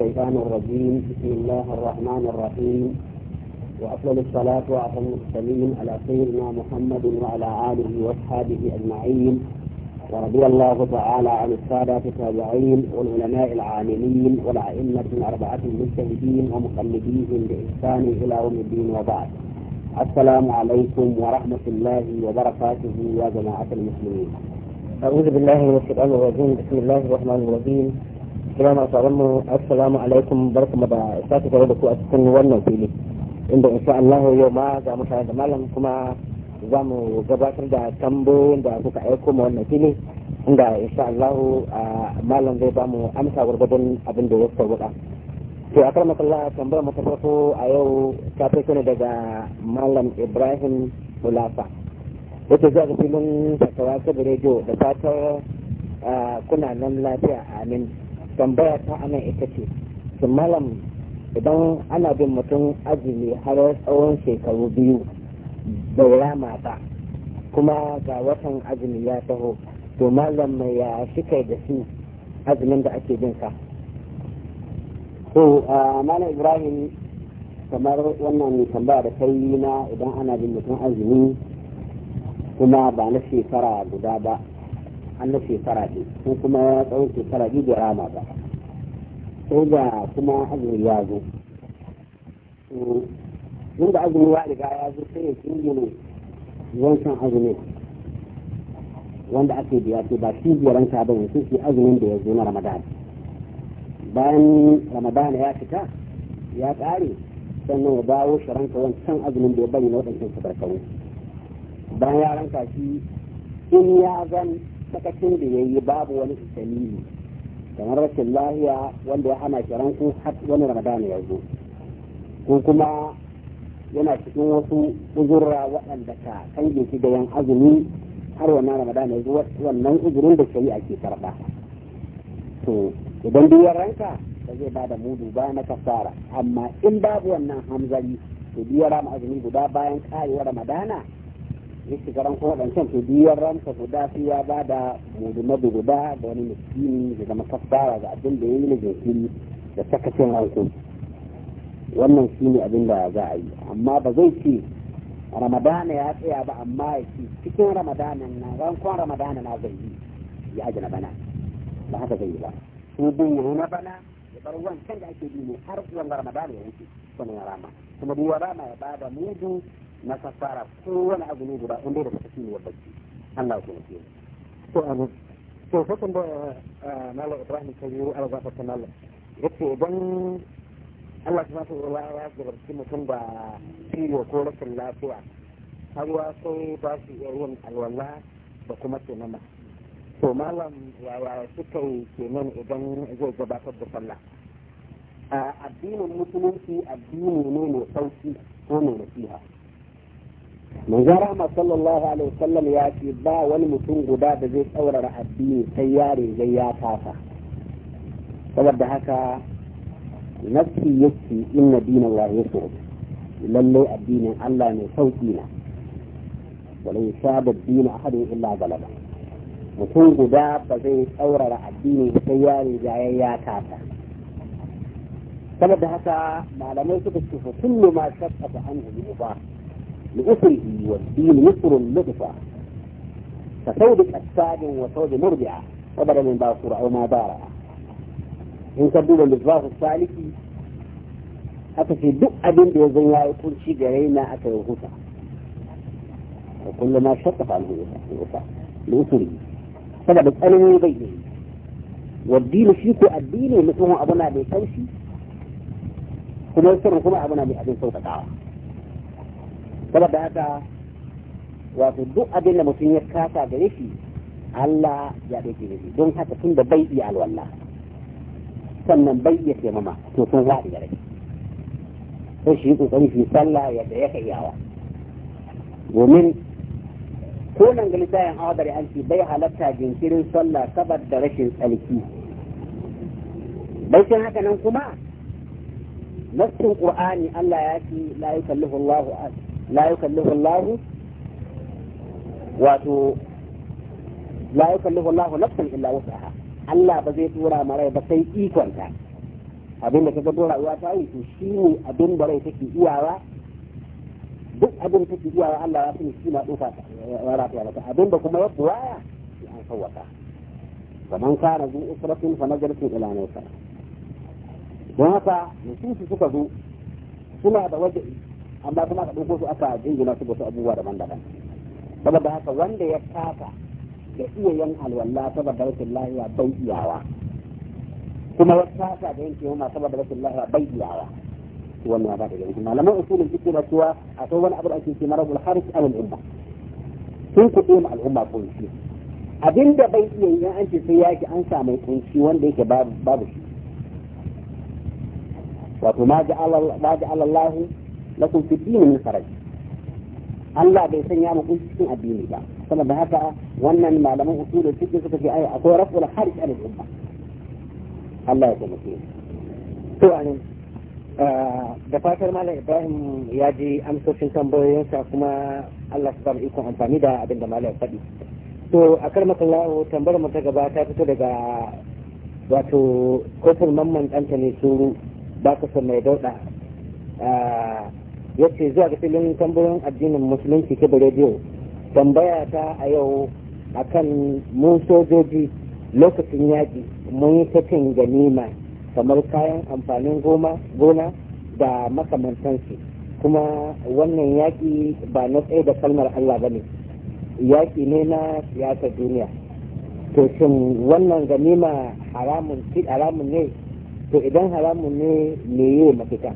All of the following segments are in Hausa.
الشيطان الرجيم بسم الله الرحمن الرحيم وأفضل الصلاة وأفضل المرسلين على سيدنا محمد وعلى آله وأصحابه أجمعين ورضي الله تعالى عن السادة التابعين والعلماء العاملين والأئمة الأربعة المجتهدين ومقلديهم بإحسان إلى يوم الدين وبعد السلام عليكم ورحمة الله وبركاته يا جماعة المسلمين أعوذ بالله من الشيطان الرجيم بسم الله الرحمن الرحيم kira masu mu assalamu alaikum barkamu da sake tare da ku a cikin wannan fili inda insha Allah yau ma za mu tare da malam kuma za mu gabatar da tambayoyin da kuka aiko mu wannan fili inda insha Allah malam zai ba mu amsa gwargwadon abin da ya sauka to a kar makalla tambayar mata farko a yau ta fito ne daga malam Ibrahim ulafa yake zuwa ga filin fatawa ta rediyo da fatar kuna nan lafiya amin tambaya ta anan ita ce su malam idan ana bin mutum azumi har tsawon shekaru biyu bai mata ba kuma ga watan azumi ya taho to malam mai ya shikai da su azumin da ake bin sa to malam ibrahim kamar wannan tambaya da kai na idan ana bin mutum azumi kuma ba na shekara guda ba an na shekara ɗi ko kuma tsawon shekara biyu da rama ba sai da kuma azumi ya zo tun da azumi ya riga ya zo sai ya ne wancan azumi wanda ake biya ce ba shi biyaran ka ba sai shi azumin da ya zo na ramadan bayan ramadan ya fita ya ƙare sannan ya dawo shi ranka wancan azumin da ya bayyana na waɗancan su bayan ya ranka shi in ya zan sakacin da ya yi babu wani dalili kamar rashin lahiya wanda ya hana shi ranku har wani ramadana ya zo ko kuma yana cikin wasu uzurra waɗanda ka kange shi da yan azumi har wannan ramadana ya zo wannan uzurin da shari'a ke karɓa to idan duk ranka ba zai ba da mudu ba na kafara amma in babu wannan hamzari to duk ya azumi guda bayan karewa ramadana karan kuma rankon can to biyar ranta guda su ya ba da mudumabi guda da wani miskini da zama kaffara ga abin da ya yi na jinkiri da sakacin ranku wannan shi ne abin da za a yi amma ba zai ce ramadana ya tsaya ba amma ya ce cikin ramadana na rankon ramadana na zai yi ya aji na bana ba haka zai yi ba su bin yi na bana ya bar wancan da ake bi ne har zuwan ramadana ya rama kuma duk rama ya ba da mudu na kafara wani abu ne guda inda da ta fi ne bacci Allah ku nufi to amin to hukun da eh, malam Ibrahim Kabiru Allah ya fata malam yace idan Allah subhanahu wa ta'ala ya gabarci mutum da ciwo ko rashin lafiya har wa sai ba su iya yin alwala da kuma tunama to malam yaya suka yi kenan idan zai gabatar da sallah addinin musulunci addini ne mai sauki ko mai nasiha manzon rahama sallallahu alaihi wasallam ya ce ba wani mutum guda da zai tsaurara addini sai ya riga ya kasa saboda haka nafsi yake inna dinin Allah ya so lalle addinin Allah ne sauki na wala yusaba dinu ahadin illa galaba mutum guda ba zai tsaurara addini sai ya riga ya kasa saboda haka malamai suka ce kullu ma shaqqa anhu bi mubah لأسره والدين نصر لطفة فتوبة أكساد وتوبة مربعة وبدأ من باصرة وما دارة إن كدوبا السالكي حتى في دؤ أبن بيزن الله يقول شي قرينا أتفي الغفا وكل ما شطف عنه الغفا لأسره سبب الألم بينه والدين فيكو الدين مثله أبونا بيتوشي كما يسر كما أبونا بيحبين صوت تعالى saboda haka wato duk abin da mutum ya kasa da shi Allah ya ɗauke da shi don haka tun da bai iya alwala sannan bai iya taimama to sun zaɗi gare shi sai shi yi kokari shi sallah yadda ya iyawa domin ko nan ga littafin awadar an ce bai halatta jinkirin sallah saboda rashin tsarki baikin haka nan kuma nassin qur'ani Allah ya ce la yukallifu Allahu لا يكلف الله wato لا يكلف الله نفسا illa وسعها Allah ba zai tura marai ba sai ikonta abin da kaga dora uwa ta yi to shi ne abin da rai take iyawa duk abin take iyawa Allah ya sani shi na dofa ta rafiya ta abin da kuma ya waya Ya an sawwaka kaman kana zu usratin fa ila don haka suka zo suna da waje. amma kuma ka ɗauko su aka jingina su wasu abubuwa daban-daban saboda haka wanda ya kafa da iya yan alwala saboda rashin lahiya bai iyawa kuma ya kafa da yanke yamma saboda rashin lahiya bai iyawa wannan ya bada yanki malaman usulin fiqh da cewa akwai wani abu da ake ce marabul harith al umma sun kuɗe ma al'umma ko abin abinda bai iya yi an ce sai yaki an samu kunci wanda yake babu babu shi wato ma ji ma lakum fi dini min faraj Allah bai sanya mu kun cikin addini ba saboda haka wannan malaman usul fiqh suka ce ai akwai rafu'ul harj al umma Allah ya taimake to anin da fatar malam Ibrahim ya ji amsoshin tambayoyinsa kuma Allah ya samu ikon amfani da abin da malam ya faɗi to a karmaka Allah tambayar mu ta gaba ta fito daga wato kofin mamman ɗanta ne suru ba ka san mai dauɗa yace zuwa ga filin tambayoyin addinin musulunci ta radio tambaya ta a yau akan mun sojoji lokacin yaƙi mun yi ta cin ganima kamar kayan amfanin gona da makamantansu kuma wannan yaƙi ba na tsaye da kalmar Allah ba ne yaƙi ne na siyasar duniya to shin wannan ganima haramun ne to idan haramun ne me yi mafita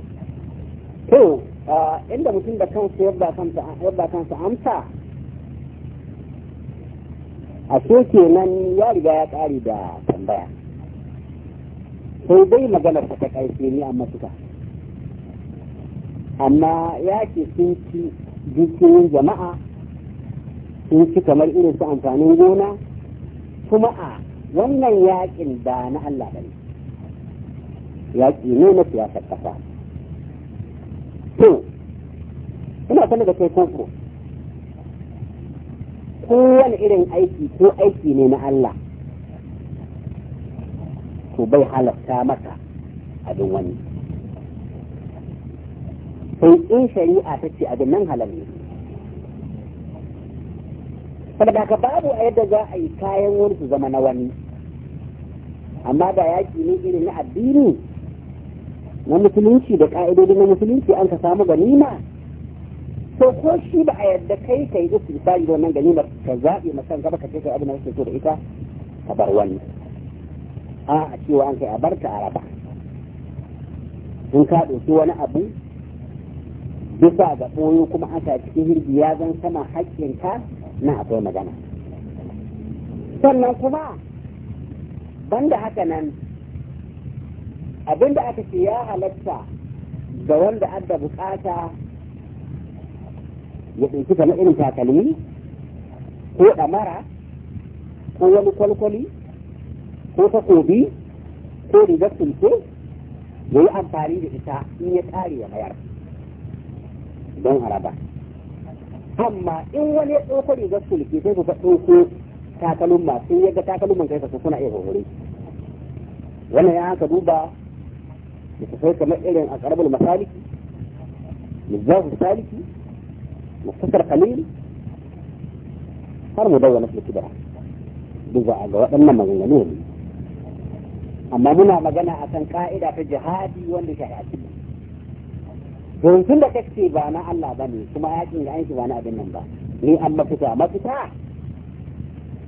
to inda mutum da kansa yadda kansa amsa a so kenan ya riga ya ƙari da tambaya sai dai maganar ta ƙarfe ne a matuka amma ya ke sun ci dukkanin jama'a sun ci kamar irin su amfanin gona kuma a wannan yaƙin ba na Allah bane ne ne na siyasar ƙasa to ina sanar da kai kofo kowane irin aiki ko aiki ne na Allah to bai halatta maka abin wani sai in shari'a ta ce abin nan halal ne saboda ka babu a yadda za a yi kayan wani su zama na wani amma da yaki ne irin na addini na musulunci da ƙa'idodi na musulunci an ka samu ganima to ko shi ba a yadda kai ka yi istifari da wannan ganimar ka zaɓe masan gaba ka ce ka abin da kake so da ita ka bar wani a a cewa an kai a bar ta a raba in ka ɗauki wani abu bisa ga ɓoyo kuma aka cikin hirgi ya zan sama haƙƙinka na akwai magana sannan kuma banda haka nan abinda aka ce ya halatta ga wanda adda bukata ya ɗauki kamar irin takalmi ko ɗamara ko wani kwalkwali ko takobi ko rigar sulke ya yi amfani da ita in ya ƙare ya mayar don haraba amma in wani ya ɗauko rigar sulke sai ku ka ɗauko takalmi masu yadda takalmi man kai suna iya hori-hori. wannan ya haka duba لتسويق مئلين أقرب المسالك للجواب السالك مختصر قليل صار مدونة في الكبرى بزع الجواب أنا ما قلنا نوم أما منا ما جنا أتن قائدة في جهادي واللي شهادي فهم كل تكتيب أنا الله بني ثم أجل العيش وأنا أبن نمبا لي أما فتاة ما فتاة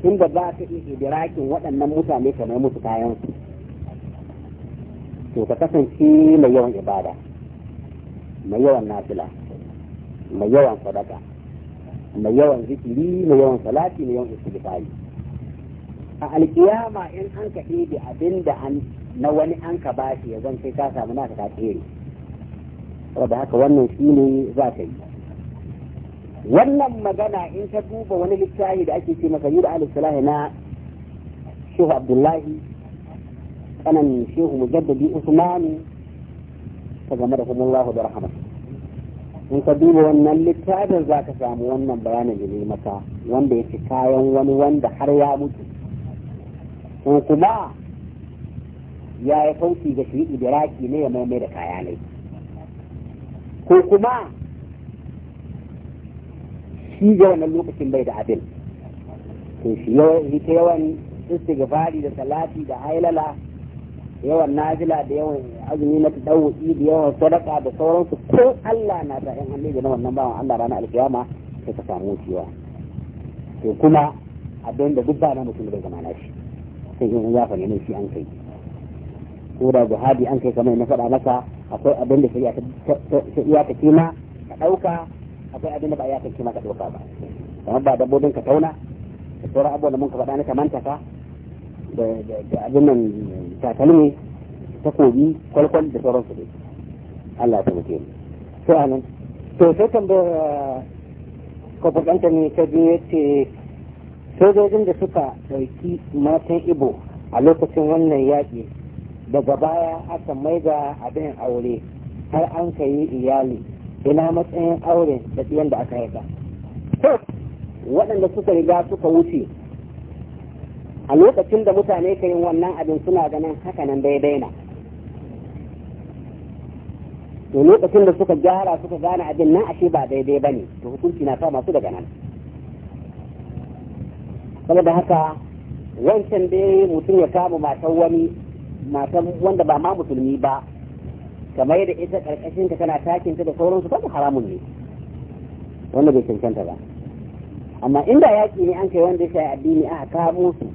كنت ذاك إيه براك وأنا موسى ميكا ما موسى كايانسي to ka kasance mai yawan ibada mai yawan nafila mai yawan sadaka mai yawan zikiri mai yawan salati mai yawan istighfari a alkiyama in an ka ɗebe abin da an na wani an ka ba shi yanzu sai ka samu naka ka tsere saboda haka wannan shi ne za ka yi wannan magana in ka duba wani littafi da ake ce maka yi da alisalahi na shehu abdullahi kanan shehu jaddadi usman ta game da kuma Allah da rahama in ka duba wannan littafin za ka samu wannan bayanin da maka wanda ya ci kayan wani wanda har ya mutu ko kuma ya yi kauci ga shi idiraki ne ya maimai da kaya ne ko kuma shi ga wannan lokacin bai da abin to shi ta yawan istighfari da salati da hailala yawan najila da yawan azumi na dawu'i da yawan sadaka da sauransu ko Allah na da yan annabi da wannan bawan Allah ranar alkiyama sai ka samu ciwa to kuma abin da duk ba na mutum da zama na shi sai in ya fa ne shi an kai ko da jihadi an kai kamar na faɗa maka akwai abin da sai ya ta iya ta kima ka ɗauka akwai abin da ba ya ta kima ka ɗauka ba kamar ba dabbobin ka tauna da sauran abubuwan da mun ka faɗa na kamanta ka da abin nan takalmi takobi kwalkwal da sauransu dai Allah ta mutu to anan to sai tambayar kwafakanta ne ta biyu ya ce sojojin da suka ɗauki matan ibo a lokacin wannan yaƙi daga baya aka maida abin aure har an ka yi iyali ina matsayin auren da da aka haifa waɗanda suka riga suka wuce a lokacin da mutane ka yin wannan abin suna ganin hakanan daidai na to lokacin da suka gyara suka gane abin nan ashe ba daidai ba ne to hukunci na kawo masu daga nan saboda haka wancan dai mutum ya kama matan wani matan wanda ba ma musulmi ba kamar yadda ita karkashin ka tana takin ta da sauransu ba haramun ne wanda bai cancanta ba amma inda yaƙi ne an kai wanda ya shayi addini a kamo su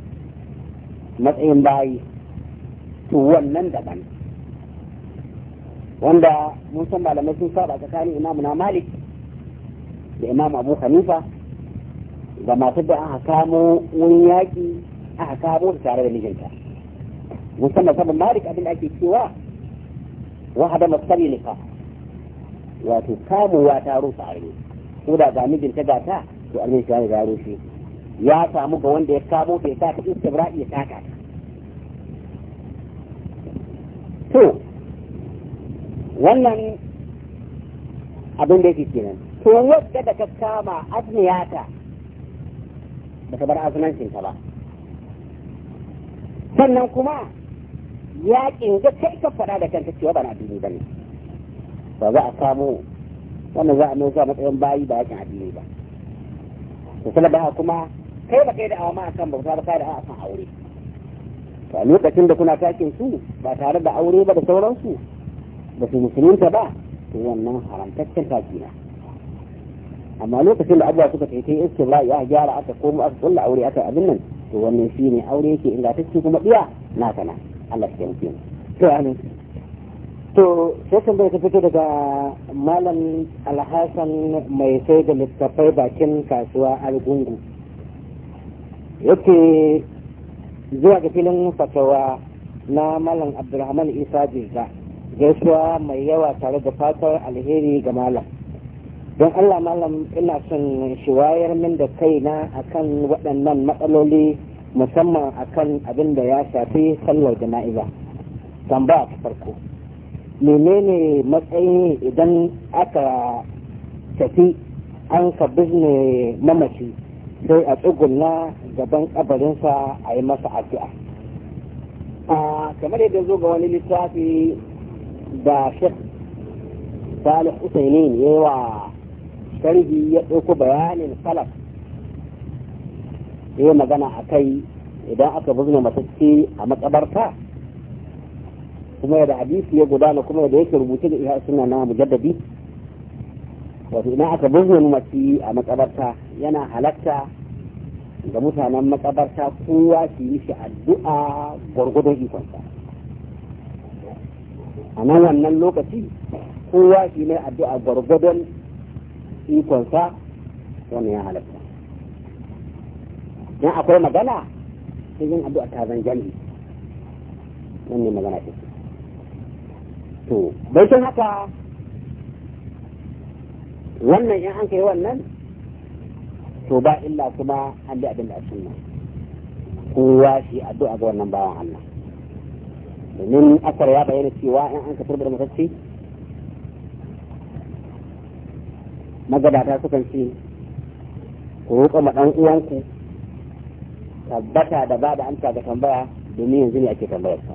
matsayin bayi to wannan daban wanda mun san malamai sun saba tsakanin imamu na malik da imam abu hanifa da masu da aka kamo Wani yaƙi aka kamo da tare da mijinta mun san musamman malik abin da ake cewa wa hada masali nufa wato kamowa ta rusa arme ko da ga mijinta ga ta to arme shi ya rufe ya samu ga wanda ya kamo bai sa ta istibra'i ya taka ta to wannan abin da yake kenan to wadda da ka kama azniyata ba ka bar azumancin ka ba sannan kuma ya kinga kai ka fada da kanta cewa ba na addini ba ne ba za a samu wannan za a mai matsayin bayi ba yakin addini ba to kuma kai ba kai da awa ma kan bauta ba ta da awa aure ba a lokacin da kuna takin su ba tare da aure ba da sauransu ba su musulunta ba to wannan haramtaccen taki na amma lokacin da abuwa suka taita istibra ya gyara aka komo aka kulla aure aka abin nan to wannan shi ne aure yake ingantacce kuma ɗiya na kana Allah ya taimake mu to amin to sai kan bai ta fito daga malam alhassan mai sai da littattafai bakin kasuwa algungu yake zuwa ga filin fatawa na malam abdulrahman isa jirga gaisuwa mai yawa tare da fatar alheri ga malam don allah malam ina son shi wayar min da kai na akan waɗannan matsaloli musamman akan abin da ya shafi sallar jana'iza tambaya ta farko menene matsayi idan aka tafi an ka bizne mamaci sai a tsugunna. gaban kabarinsa a yi masa addu'a kamar yadda zo ga wani littafi da shek salih usaini ya yi wa sharhi ya ɗauko bayanin salaf ya magana a kai idan aka buzna matacce a matsabarta kuma yadda hadisi ya gudana kuma yadda yake rubuce da iya suna na mujaddadi wato idan aka buzna mace a matsabarta yana halatta da mutanen makabarta kowa su yi shi addu'a gwargwado ikonsa a nan wannan lokaci kowa shi mai addu'a gwargwadon ikonsa wannan ya halatta don akwai magana sai yin addu'a ta zan jami wannan magana ce to bai haka wannan in an kai wannan to ba illa kuma an bi abin da sunna kowa shi addu'a ga wannan bawan Allah domin akwai ya bayyana cewa in an ka da matacce magabata sukan ce ku roƙa ma ɗan uwanku tabbata da ba da amsa ga tambaya domin yanzu ne ake tambayar sa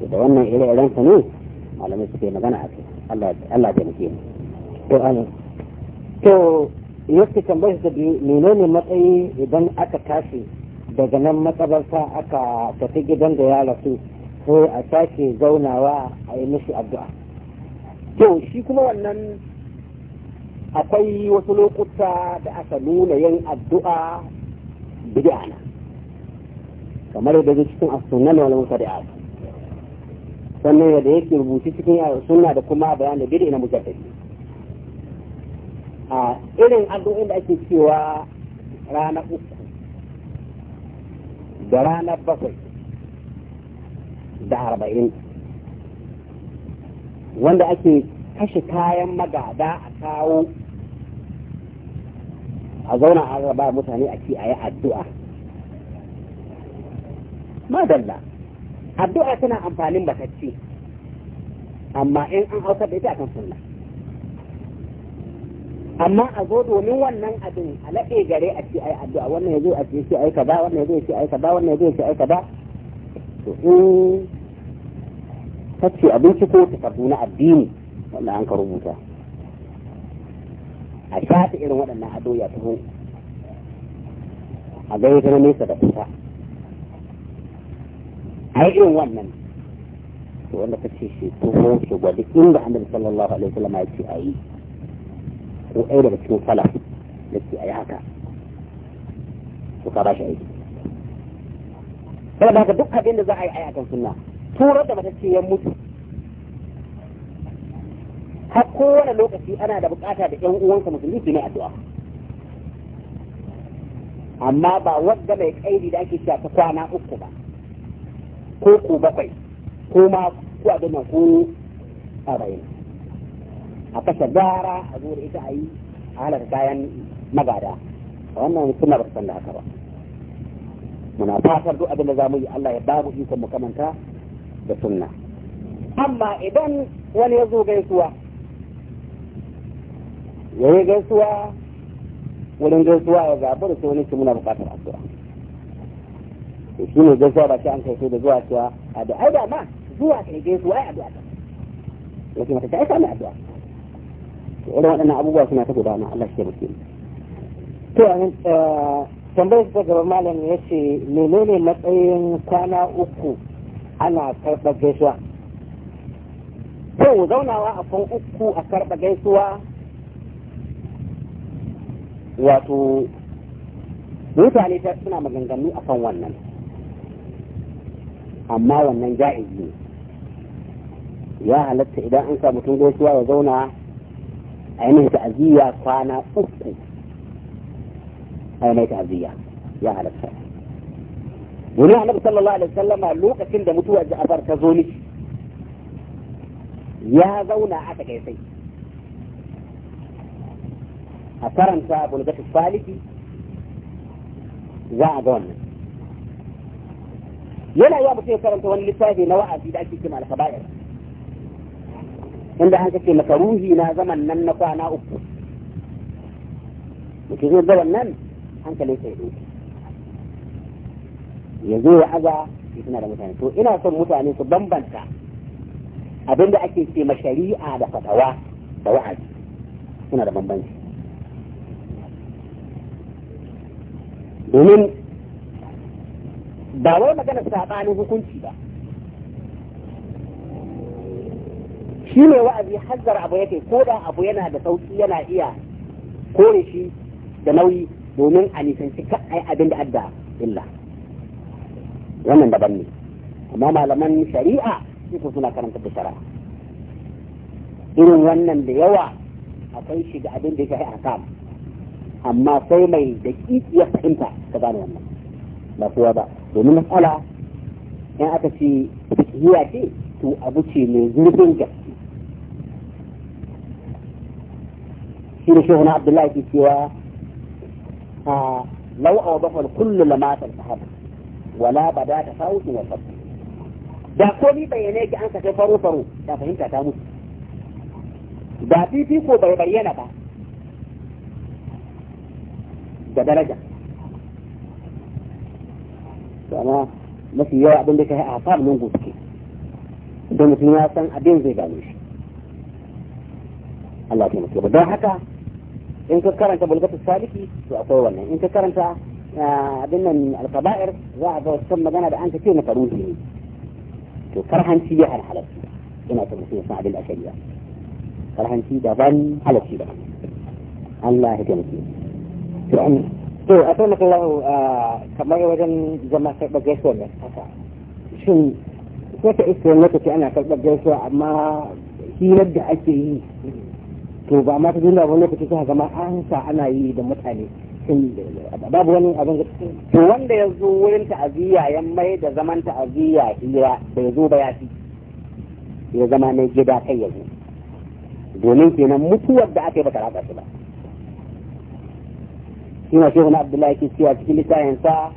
to da wannan ire-iren sa ne malamai suke magana a kai Allah ya taimake mu to amin to yake tambayar da biyu ne matsayi idan aka tashi daga nan matsabarta aka tafi gidan da ya rasu sai a sake zaunawa a yi mishi addu'a to shi kuma wannan akwai wasu lokuta da aka nuna yin addu'a bid'a na kamar da cikin wani sunnah da mutadi'at sannan yadda yake rubuci cikin suna da kuma bayan da bid'a na mujaddadi a irin addu'o'in da ake cewa rana uku da ranar bakwai da arba'in wanda ake kashe kayan magada a kawo a zauna a raba mutane a ce a yi addu'a madalla addu'a tana amfanin bakacce amma in an hausa da ita akan sunna amma a zo domin wannan abin a laɗe gare a ce ai addu'a wannan ya zo a ce shi ai kaza wannan ya zo ya ce ai kaza wannan ya zo ya ce ai kaza to in ta ce abinci ko takardu na addini wanda an ka rubuta a shafi irin waɗannan addu'a ta taho a gani ta nesa da kusa a yi irin wannan to wanda ta ce shi tuho shi gwadi inda annabi sallallahu alaihi wasallam ya ce a yi ko ɗaya daga cikin salaf da ke a yi haka to ka ba shi aiki saboda haka duk abin da za a yi kan sunna turar da matacce ya mutu har kowane lokaci ana da bukata da ƴan uwansa musulmi su ne addu'a amma ba wadda mai kaidi da ake cewa ta kwana uku ba ko ko bakwai ko ma ko abin ko arba'in a kashe gara a zuwa ita a yi a halaka kayan magada wannan suna ba san da haka ba muna fatar duk abin da za mu yi Allah ya ba mu ikon mu kamanta da sunna amma idan wani ya zo gaisuwa ya yi gaisuwa wurin gaisuwa ya zaɓi da sai ce muna buƙatar addu'a to shi ne gaisuwa ba ce an kai da zuwa cewa addu'a ai da ma zuwa kai gaisuwa ai addu'a ta wasu mata ta aika mai addu'a irin waɗannan abubuwa suna ta gudana Allah shi taimake mu to amin eh, tambayar ta gaba malam ya ce menene matsayin kwana uku ana karɓar gaisuwa to zaunawa a kan uku a karɓa gaisuwa wato mutane ta suna maganganu a kan wannan amma wannan ja'izi ne ya halatta idan an sa mutum gaisuwa ya zauna عينيه تعزية كان أكو عينيه تعزية يا على السلام ونعم النبي صلى الله عليه وسلم قال لوك كنت متوى جعفر كزوني يا زونا عتا كيسي أكرم صاحب ولدك الصالحي زا أدون يلا يا أبو سيد كرم تواني للثالثي نواع في دعك على خبائر inda haka ce maka ruhi na zaman nan na kwana uku mutum zai zaman nan hankali sai ɗauki ya zo ya aza ya tuna da mutane to ina son mutane su bambanta abinda ake ce ma shari'a da fatawa da wa'azi suna da bambanci domin ba wai magana saɓanin hukunci ba shi ne wa'azi hanzar abu yake ko da abu yana da sauki yana iya kore shi da nauyi domin a nisanci ai abin da adda illa wannan daban ne amma malaman shari'a su suna karanta da shari'a irin wannan da yawa akwai shi da abin da ya a kam. amma sai mai da kikiyar fahimta ta gane wannan ba kowa ba domin matsala in aka ce fikihiya ce to abu ce mai zurfin gaske shine shehu na abdullahi ke cewa lau a wadafar kullum da matar sahaba wala ba da ta sauki wa sabbi da komi bayyana yake an kashe faro faro da fahimta ta mutu da fifi ko bai bayyana ba da daraja amma mafi yawa abin da ka yi a fara nan gobe don mutum ya san abin zai gane shi Allah ya mutu don haka إن كرنت بلغة السالكي سأطولنا إن كرنت آه، أبنى من القبائر ذاعد وشم جانا بأن كثير نفروز لي فرحا سيجاها الحلس هنا تبصي يسمع الأشياء فرحا سيجاها بان حلس سيجاها الله يتمكي فرحني تو أتولك الله آه، كما يوجد زمان سيبا جيسوا لك شو شن سيكا إسرنك أنا سيبا جيسوا أما هي لبدا أشياء to ba ma ta dinga wani lokaci sai zama an sa ana yi da mutane babu wani abin to wanda ya zo wurin ta'aziyya ya mai da zaman ta'aziyya hira ya zo ba ya fi ya zama na gida kai ya zo domin kenan mutuwar da aka yi bata ratsa shi ba shi na shehu na abdullahi ke cewa cikin littafin sa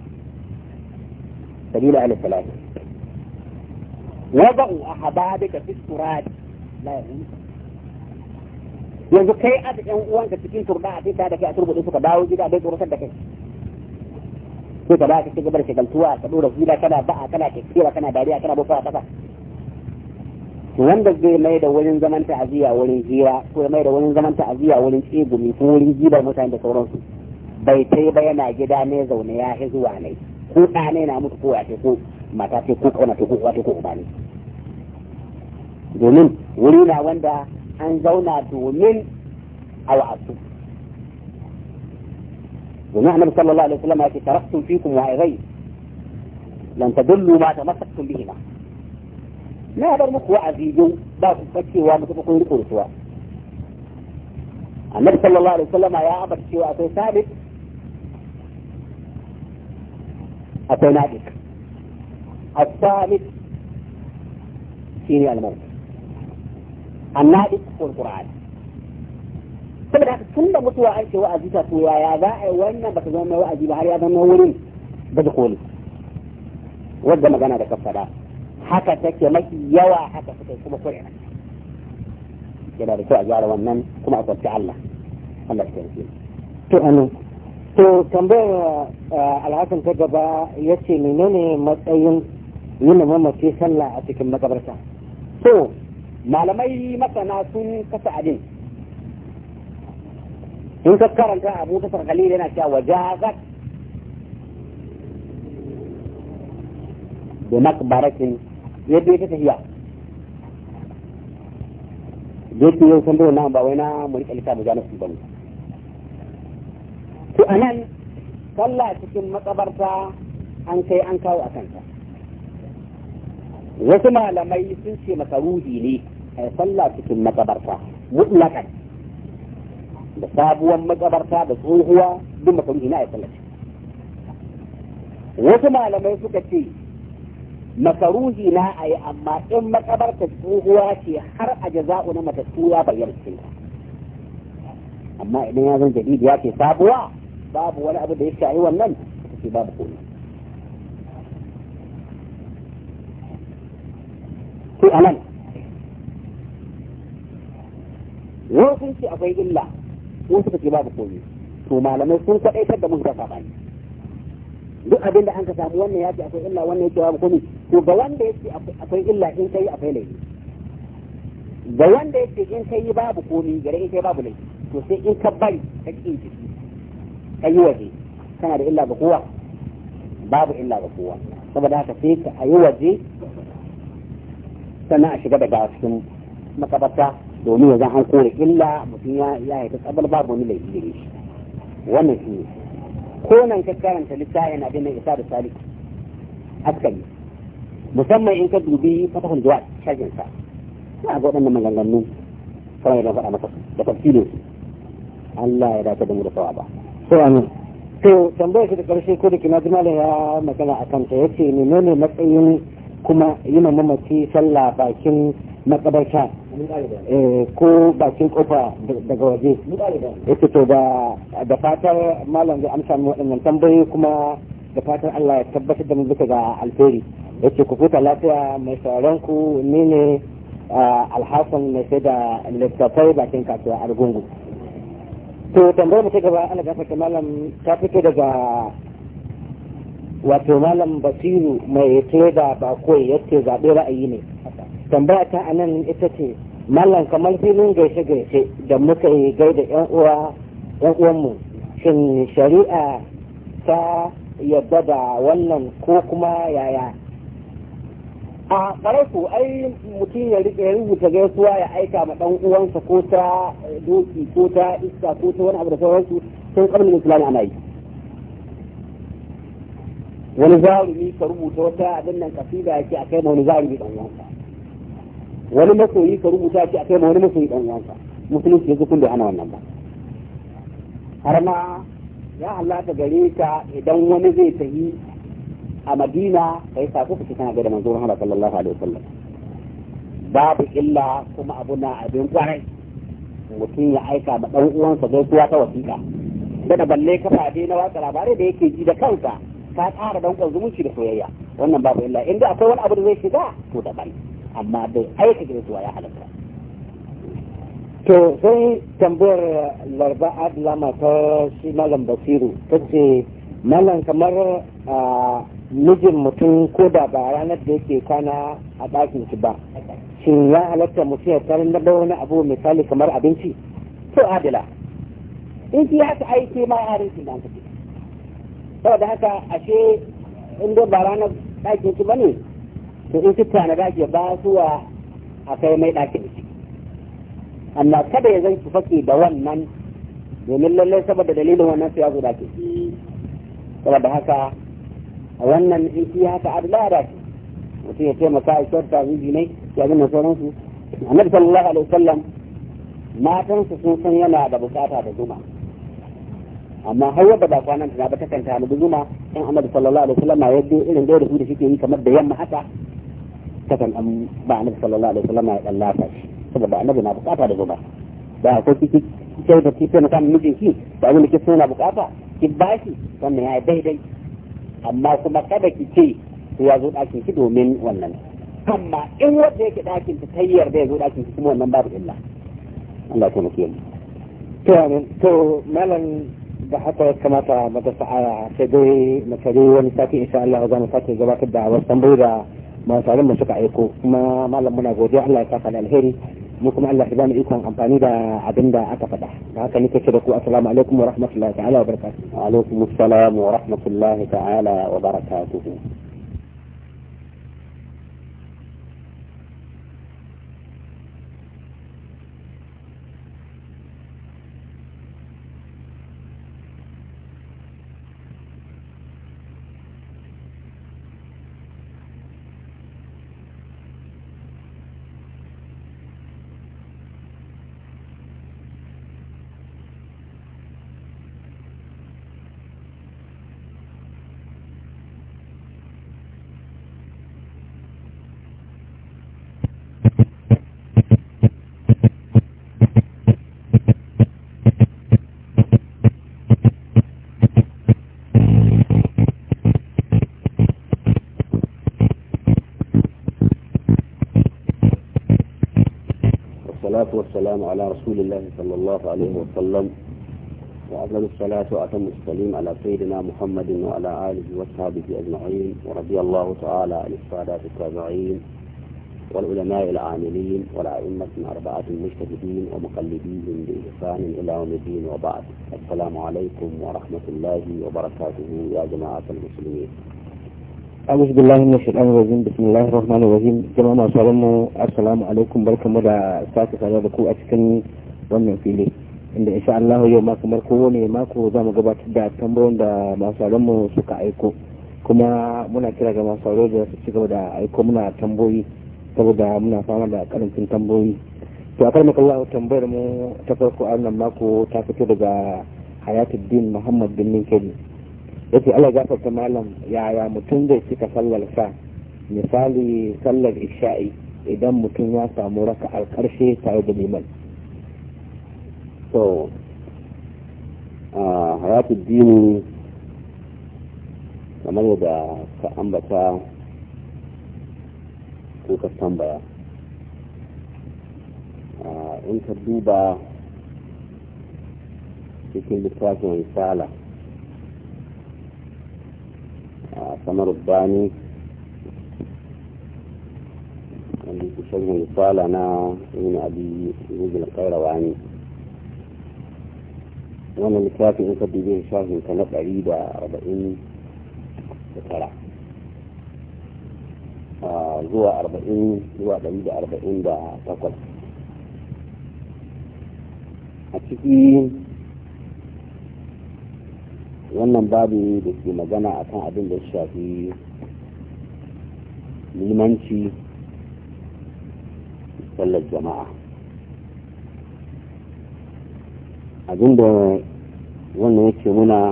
sabila alif wa ba'u ahbabika fi turad la yahum yanzu kai a da uwan uwanka cikin turba a tinta da kai a turbuɗe suka dawo gida bai tsoratar da kai sai ka ba ka shiga bar shigaltuwa ka ɗora hula kana ba'a kana kekewa kana dariya kana bufa a ƙasa wanda zai mai da wurin zaman ta'aziyya wurin jira ko ya mai da wurin zaman ta'aziyya wurin tsegumi ko wurin jibar mutane da sauransu bai kai ba yana gida ne zaune ya hi zuwa ne ko ɗa ne na mutu ko ya ce ko mata ce ko ƙauna ce ko uwa ce ko uba ne domin wuri na wanda an zauna domin a wa'azu domin annabi sallallahu alaihi wasallam yake taraktum fikum wa'irai lan tadullu ma tamassaktum bihi na bar muku wa'azi don ba ku sakewa muku kun riko rutuwa annabi sallallahu alaihi wasallam ya abar cewa akwai sabit akwai nadik الثالث شيني الموت annahdi qur'an saboda haka tun da mutuwa an ce wa'azi ta to yaya za a yi wannan baka zama mai wa'azi ba har ya zama wurin baje koli wadda magana da kafada haka take mafi yawa haka suka kuma kure yana da kyau a gyara wannan kuma a kwanci Allah Allah ya kwanci to amin to tambayar alhassan ta gaba ya ce menene matsayin yin mamace sallah a cikin makabarta to malamai masana sun kasa abin sun ka karanta abu kasar khalil yana cewa wajazat da barakin yadda ya ta tafiya da yake yau sandowar nan ba wai na mu rika littafi ga nasu bane to anan sallah cikin makabarta an kai an kawo a kanta wasu malamai sun ce makaruhi ne kai sallah cikin makabarta mutlaqan da sabuwan makabarta da tsohuwa duk makaruhi na ai sallah wasu malamai suka ce makaruhi na a yi amma in makabarta tsohuwa ce har a jaza'u na matattu ya bayyana cikin amma idan ya zan jadidi ya ce sabuwa babu wani abu da ya shayi wannan ce babu komai sai anan wasu sun ce akwai illa wasu suka ce babu komai to malamai sun kwaɗaitar da mun ga sabani duk abin da an ka samu wannan ya ce akwai illa wannan ya ce babu komai to ga wanda ya ce akwai illa in kai akwai laifi ga wanda ya ce in kai babu komai gare in kai babu laifi to sai in ka bari ka ƙi ciki ka yi waje kana da illa ga kowa babu illa ga kowa saboda haka sai ka a yi waje sannan a shiga daga cikin makabarta domin yanzu an kore illa mutum ya yi ta tsabar babu wani laifi da shi wannan shi ko nan ka karanta littafin abin nan isa da saliki askari musamman in ka dubi fatahun zuwa shagin sa na ga waɗannan maganganu kamar yadda faɗa masa da tafsirin su Allah ya dace da mu da sawaba so amin to tambayar da karshe ko da kina jimala ya magana a kanta ya ce menene matsayin kuma yi mamaci sallah bakin makabarta Eh, ko bakin kofa daga waje yake to da fatar malam zai amsa mu waɗannan tambayoyi kuma da fatar Allah ya tabbatar da mu duka ga alheri yake ku futa lafiya mai sauran ku ni ne alhassan mai sai da littattafai bakin kasuwa argungu to tambayar mu ta gaba ana gafarta malam ta fito daga wato malam basiru mai sai da bakwai yadda zaɓe ra'ayi ne tambaya ta anan ita ce mallan kamar filin gaishe gaishe da muka yi gaida da yan uwanmu shin shari'a ta yadda da wannan ko kuma yaya a ƙarar ai mutum ya rike rubuta gaisuwa ya aika ma ɗan uwansa ko ta doki ko ta iska ko ta wani abu da sauransu sun kabin islami ana yi wani zarumi ka rubuta wata abin nan da yake a kai ma wani zarumi ɗan uwansa wani masoyi ka rubuta shi a kai ma wani masoyi dan uwansa musulunci yanzu kun bai ana wannan ba har ma ya halatta gare ka idan wani zai tafi a madina kai sa kuka kana ga manzo Muhammad sallallahu alaihi wasallam babu illa kuma abu na abin kwarai mutum ya aika ma dan uwansa gaisuwa ta wasiƙa da balle kafafe na watsa labarai da yake ji da kansa ka tsara dan zumunci da soyayya wannan babu illa inda akwai wani abu da zai shiga to daban amma bai aikata da zuwa ya halatta to sai tambayar larba adlama ta shi malam basiru ta ce malam kamar mijin mutum ko da ba ranar da yake kwana a ɗakin shi ba shin ya halatta mutum ya tarin da wani abu misali kamar abinci to adila in ki haka aiki ma ya rinki da haka haka ashe in ba ranar ɗakin shi ba ne to in kitta na gashi ba zuwa a kai mai ɗakin shi amma kada ya zan ki fake da wannan domin lallai saboda dalilin wannan sai ya zo ɗakin saboda haka a wannan in ki haka adala ya dace mutum ya taimaka a kyauta zubi ne ya zama sauransu annabi sallallahu alaihi wasallam matansu sun san yana da bukata da zuma amma har yadda ba kwanan ta ba ta kanta mu zuma in annabi sallallahu alaihi wasallam ya yi irin da su da shi yi kamar da yamma haka kasan an ba a nufi sallallahu alaihi wasallam ya dallata shi saboda annabi na bukata da zuba da ko kike kai da kike na kan mijin ki da abin da kike na bukata ki ba shi wannan ya daidai amma kuma kada ki ce ya zo dakin ki domin wannan amma in wanda yake dakin ta tayyar da ya zo dakin ki kuma wannan babu illa Allah ta muke mu to amin to malam da haka ya kamata mata sa'a sai dai na kare wani sati insha Allah za mu sake gabatar da wasu tambayoyi da masarin da suka aiko kuma malam muna godiya Allah ya saka alheri mu kuma Allah ya bani ikon amfani da abin da aka faɗa da haka nake ce da ku assalamu alaikum wa rahmatullahi ta'ala wa barakatuh wa alaikum assalam wa rahmatullahi ta'ala wa barakatuh والصلاة والسلام على رسول الله صلى الله عليه وسلم وأفضل الصلاة وأتم السليم على سيدنا محمد وعلى آله وصحبه أجمعين ورضي الله تعالى عن السادة التابعين والعلماء العاملين والأئمة الأربعة المجتهدين ومقلديهم بإحسان إلى يوم الدين وبعد السلام عليكم ورحمة الله وبركاته يا جماعة المسلمين أعوذ بالله من الشيطان rajin بسم الله الرحمن الرحيم جماعة ما alaikum الله السلام da sake مدى da ku a cikin wannan fili inda insha Allah yau ma kamar kowane mako za mu gabatar da tambayoyin da masu mu suka aiko kuma muna kira ga masu sauraro da su ci gaba da aiko muna tambayoyi saboda muna fama da karancin tambayoyi to a karmaka Allah tambayar mu ta farko a wannan mako ta fito daga Hayatuddin Muhammad bin Ninkeli yake Allah ta malam yaya mutum zai cika sallar sa misali sallar isha'i idan mutum ya samu raka al karshe tare da liman so a hayatu dini kamar yadda ka ambata ko ka tambaya in ka duba cikin littafin risala samar bani wanda ke shagun risala na yin abi rubin kairawani wannan littafin in ka dubi shafin ka na ɗari da arba'in da tara zuwa arba'in zuwa ɗari da arba'in da takwas a ciki wannan babu da ke magana akan abin da shafi limanci sallar jama'a abin da wannan yake muna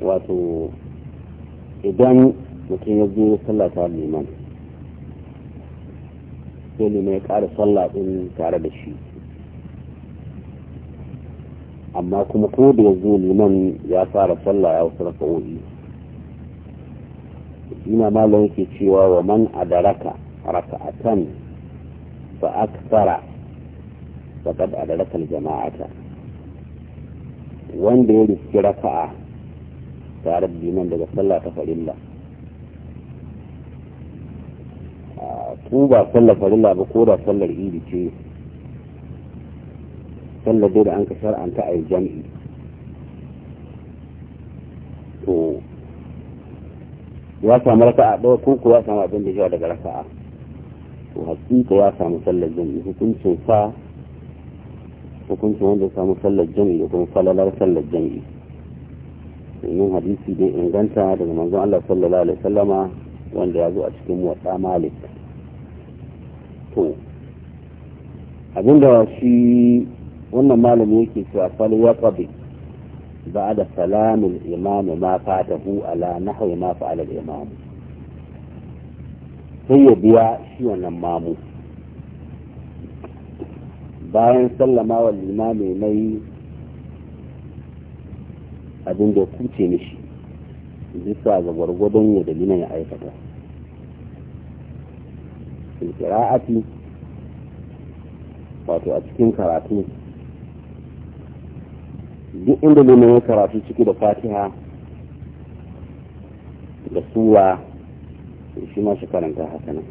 wato idan mutum ya je sallah liman sai liman ya ƙara sallah ɗin tare da shi amma kuma ko da yanzu zo liman ya fara sallah ya wasu raka'o'i ina malam yake cewa wa man adaraka raka'atan fa aksara faqad adaraka jama'ata wanda ya riski raka'a tare da liman daga sallah ta farilla ku ba sallar farilla ba ko da sallar idi ce sallar dai da an ka shar'anta a yi jam'i to ya samu raka'a ɗaya ko kuwa ya samu abin da shi daga raka'a to hakika ya samu sallar jam'i hukuncin sa hukuncin wanda ya samu sallar jam'i da kuma falalar sallar jam'i domin hadisi dai inganta daga manzon Allah sallallahu alaihi wasallama wanda ya zo a cikin muwatta malik to abinda shi wannan malami yake cewa fal yaqbi ba'da salam al-imam ma fatahu ala nahwi ma fa'ala al-imam sai ya biya shi wannan mamu bayan sallama wa limami mai abin da kuce mishi zuwa ga gwargwadon ya dalilin ya aikata kira'ati wato a cikin karatu duk inda liman ya karatu ciki da fatiha da suwa shi ma shi karanta haka nan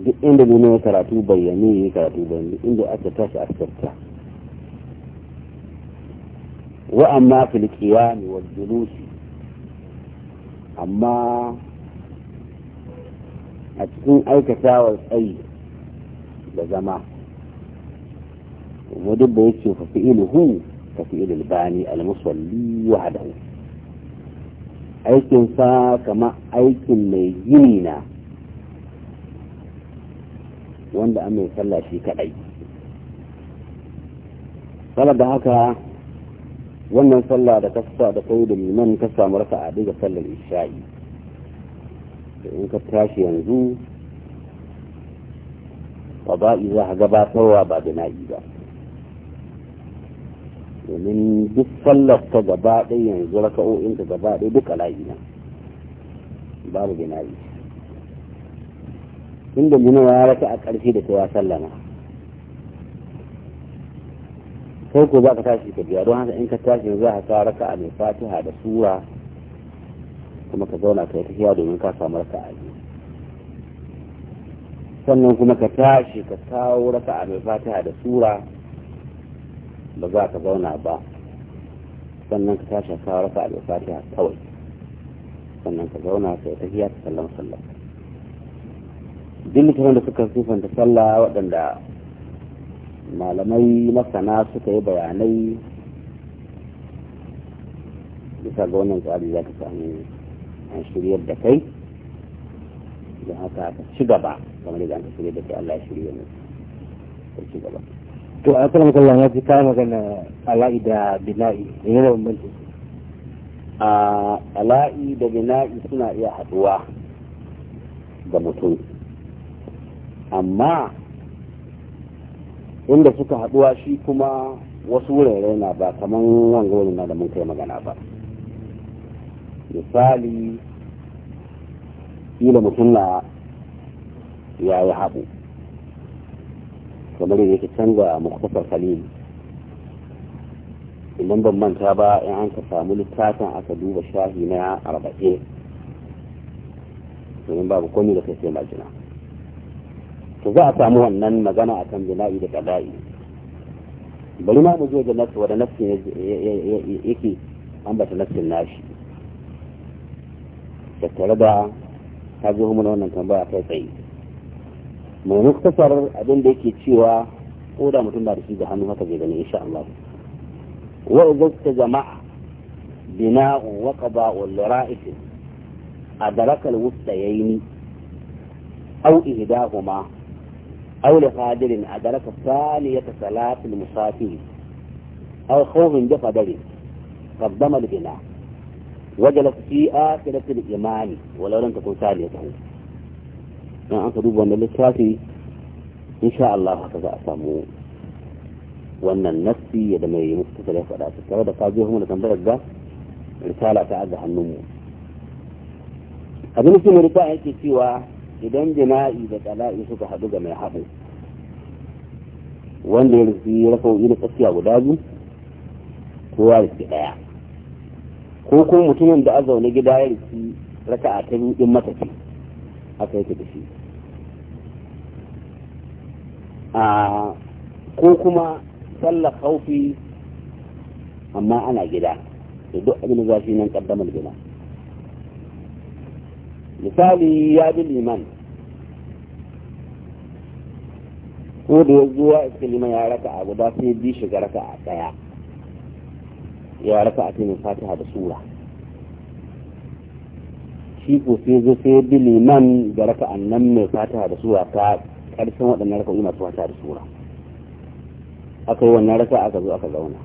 duk inda liman ya karatu bayyane ya karatu bayyane inda aka tashi a tsarta wa amma fil qiyam wal julus amma a cikin aikatawar tsayi da zama wadda ya ce fa يتكي إلى الباني المصلي وحده أيكن فا كما أيكن ميجينينا وند أمي صلى في كأي صلى بهاكا وند صلى دكسا دقود من كسا مرفع ديجا صلى الإشاعي إن كتاش ينزو فضائي ذا هجبا ثوى بعد نائي domin duk sallarta gaba ɗaya yanzu raka'o'inta gaba ɗaya duk ala'i na babu jana'i inda munawa ya raka a ƙarfi da cewa sallama sai ko za ka tashi ka biya don haka in ka tashi yanzu za ka raka a mai fatiha da sura kuma ka zauna ka yi tafiya domin ka samu raka a biyu sannan kuma ka tashi ka kawo raka a mai fatiha da sura ba za ka zauna ba sannan ka tashi ka raka a fatiha kawai sannan ka zauna ka yi tafiya ka sallama sallah duk mutanen da suka sifanta sallah waɗanda malamai masana suka yi bayanai bisa ga wannan tsari za ka samu an shiryar da kai don haka ka ci gaba kamar da an ka shirya da kai Allah ya shirya ne ka ci gaba to a kallon ya fi magana ala'i da bina'i da yana a ala'i da bina'i suna iya haduwa ga mutum amma inda suka haduwa shi kuma wasu wurare na ba kamar wanga wani na da mun kai magana ba misali ila mutum na ya yi haɓu kamar yake canza muktasar khalil idan ban manta ba in an ka samu littafin aka duba shahi na arba'in domin babu komai da kai sai majina to za a samu wannan magana akan bina'i da qada'i bari ma mu zo da nasu wadda nasu yake ambata nasin nashi da tare da ta zo wannan tambaya kai tsaye mai muktasar abin da yake cewa ko da mutum ba da shi da hannu haka zai gani insha Allah wa ta jama'a bina'u wa qada'u lira'if adraka al-wustayaini aw ihdahuma aw li qadirin adraka thaniyata salat al-musafir aw khawfin da fadari qaddama al-bina وجلس akhirati al-imani ولو lam takun ثانيته an aka duba wanda littafi insha Allah haka za a samu wannan nassi ya da mai muku ya faɗa ta tare da ka je da tambayar ga risala ta aga hannunmu abin su mai yake cewa idan jina'i da tsala'i suka haɗu ga mai haɗu wanda ya rufi ya raka'o'i na tsakiya guda biyu ko ya rufi ɗaya ko kuma mutumin da a zaune gida ya rufi raka'a ta biyu ɗin matafi aka yake da shi ko kuma sallar haufi amma ana gida da duk abin da zafi nan kaddamar gida misali ya bi liman ko da ya zuwa iska liman ya raka a guda sai bi shiga raka a daya ya raka a cikin fatiha da sura shi ko sai zo sai bi liman ga raka annan mai fatiha da sura ta ƙarshen waɗannan raka'o'i masu wata da sura aka yi wannan raka aka zo aka zauna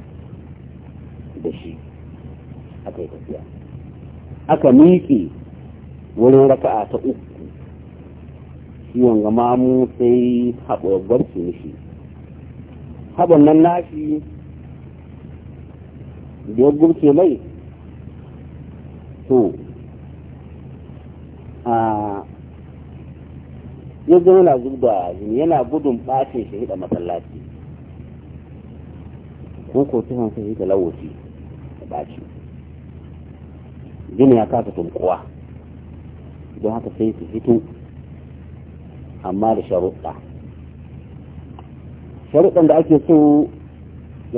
da shi aka yi tafiya aka miƙe wurin raka'a ta uku ciwon gama mu sai haɓuwar gwarci nishi haɓon nan nashi da ya gurce mai to a ya zo yana zuba yana gudun bacin shahida masallaci ko ko tuhon sai da lawoci da baci jini ya kasa tunkuwa don haka sai su fito amma da sharuɗa sharuɗan da ake so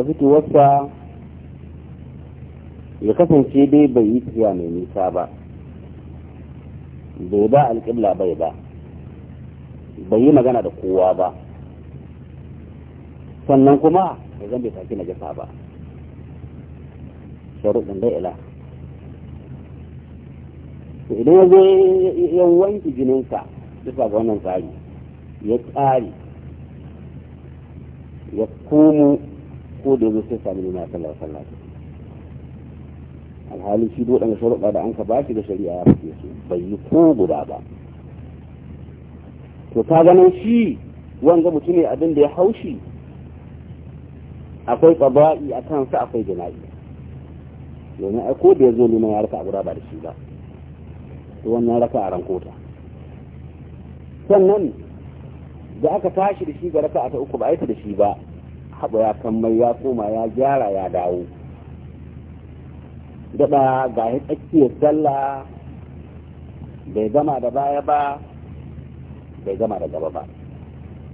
fito wasa ya kasance dai bai yi tafiya mai nisa ba bai ba alƙibla bai ba bai yi magana da kowa ba sannan kuma ya zan bai na jifa ba sharuɗin da ila to idan ya zo ya wanki jininka bisa ga wannan tsari ya tsari ya komo ko da zo sai sami nuna sallar sallar alhalin shi doɗan sharuɗa da an ka ba shi da shari'a ya fi su bai yi ko guda ba to ka ganin shi mutum ne abin da ya haushi akwai tsaba'i a kansa akwai jina'i domin ko da ya zo neman ya raka a guda da shi ba to wannan raka a rankota sannan da aka tashi da shi ga raka ta uku ba aita da shi ba haɓa ya kammai ya koma ya gyara ya dawo daɗa ga ya tsakiyar sallah bai gama da baya ba bai gama da gaba ba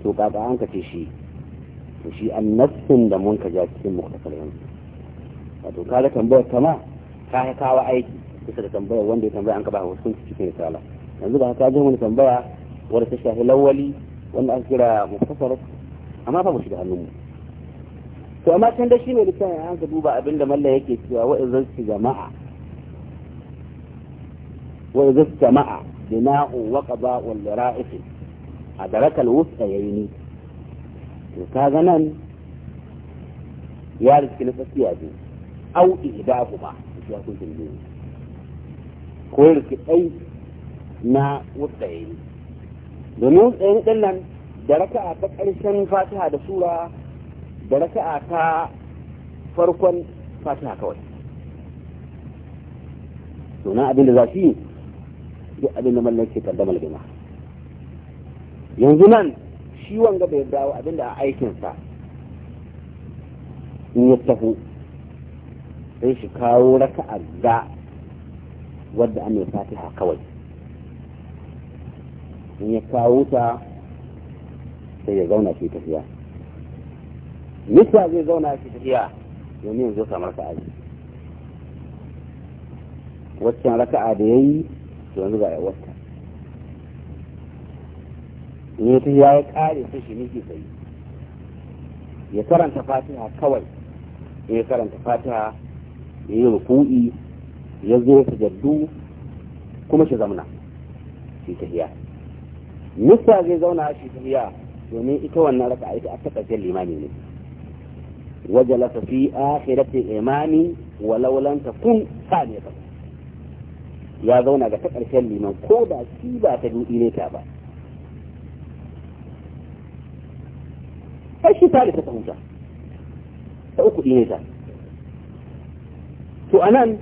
to kaga an kace shi to shi an nassin da mun ka ja cikin muktasar yanzu wato kaga tambayar kama ka kawo aiki kusa da tambayar wanda ya tambaya an ka ba hukunci cikin risala yanzu ba ka je mun tambaya wanda ta shafi lawali wanda aka kira muktasar amma ba mu shi da hannun mu to amma can da shi ne littafin an ka duba abinda malla yake cewa wa'izar jama'a wa'izar jama'a bina'u wa qada'u li ra'isi a darakal wusta ya yi ni to kaga nan ya riski na tsakiya biyu au ihdahuma shi ya kuntum biyu ko ya riski na wusta ya yi domin wusta ya yi nan daraka a ta ƙarshen fatiha da sura daraka a ta farkon fatiha kawai to na abin da za shi duk abin da mallake kaddamar jama'a yanzu nan shi wanga bai dawo abinda a aikinsa in ya taho sai shi kawo raka azza wadda an fatiha kawai in ya kawo ta sai ya zauna shi tafiya nisa zai zauna shi tafiya domin yanzu kamar ka aji waccan raka'a da ya yi to yanzu ga wata in eh, yi ya yi kare sai shi nufi sai ya karanta fatiha kawai ya karanta fatiha ya yi ruku'i ya zo su jaddu kuma shi zamana shi ta hiya nufa zai zauna shi ta hiya domin ita wannan raka a ita a ta ƙarfiyar limani ne wajala ta fi a khirattin imani walawalan ta kun saniya ya zauna ga ta ƙarfiyar liman ko da shi ba ta duɗi ne ta ba ai shi salisa ta huta ta uku ɗine ta to a nan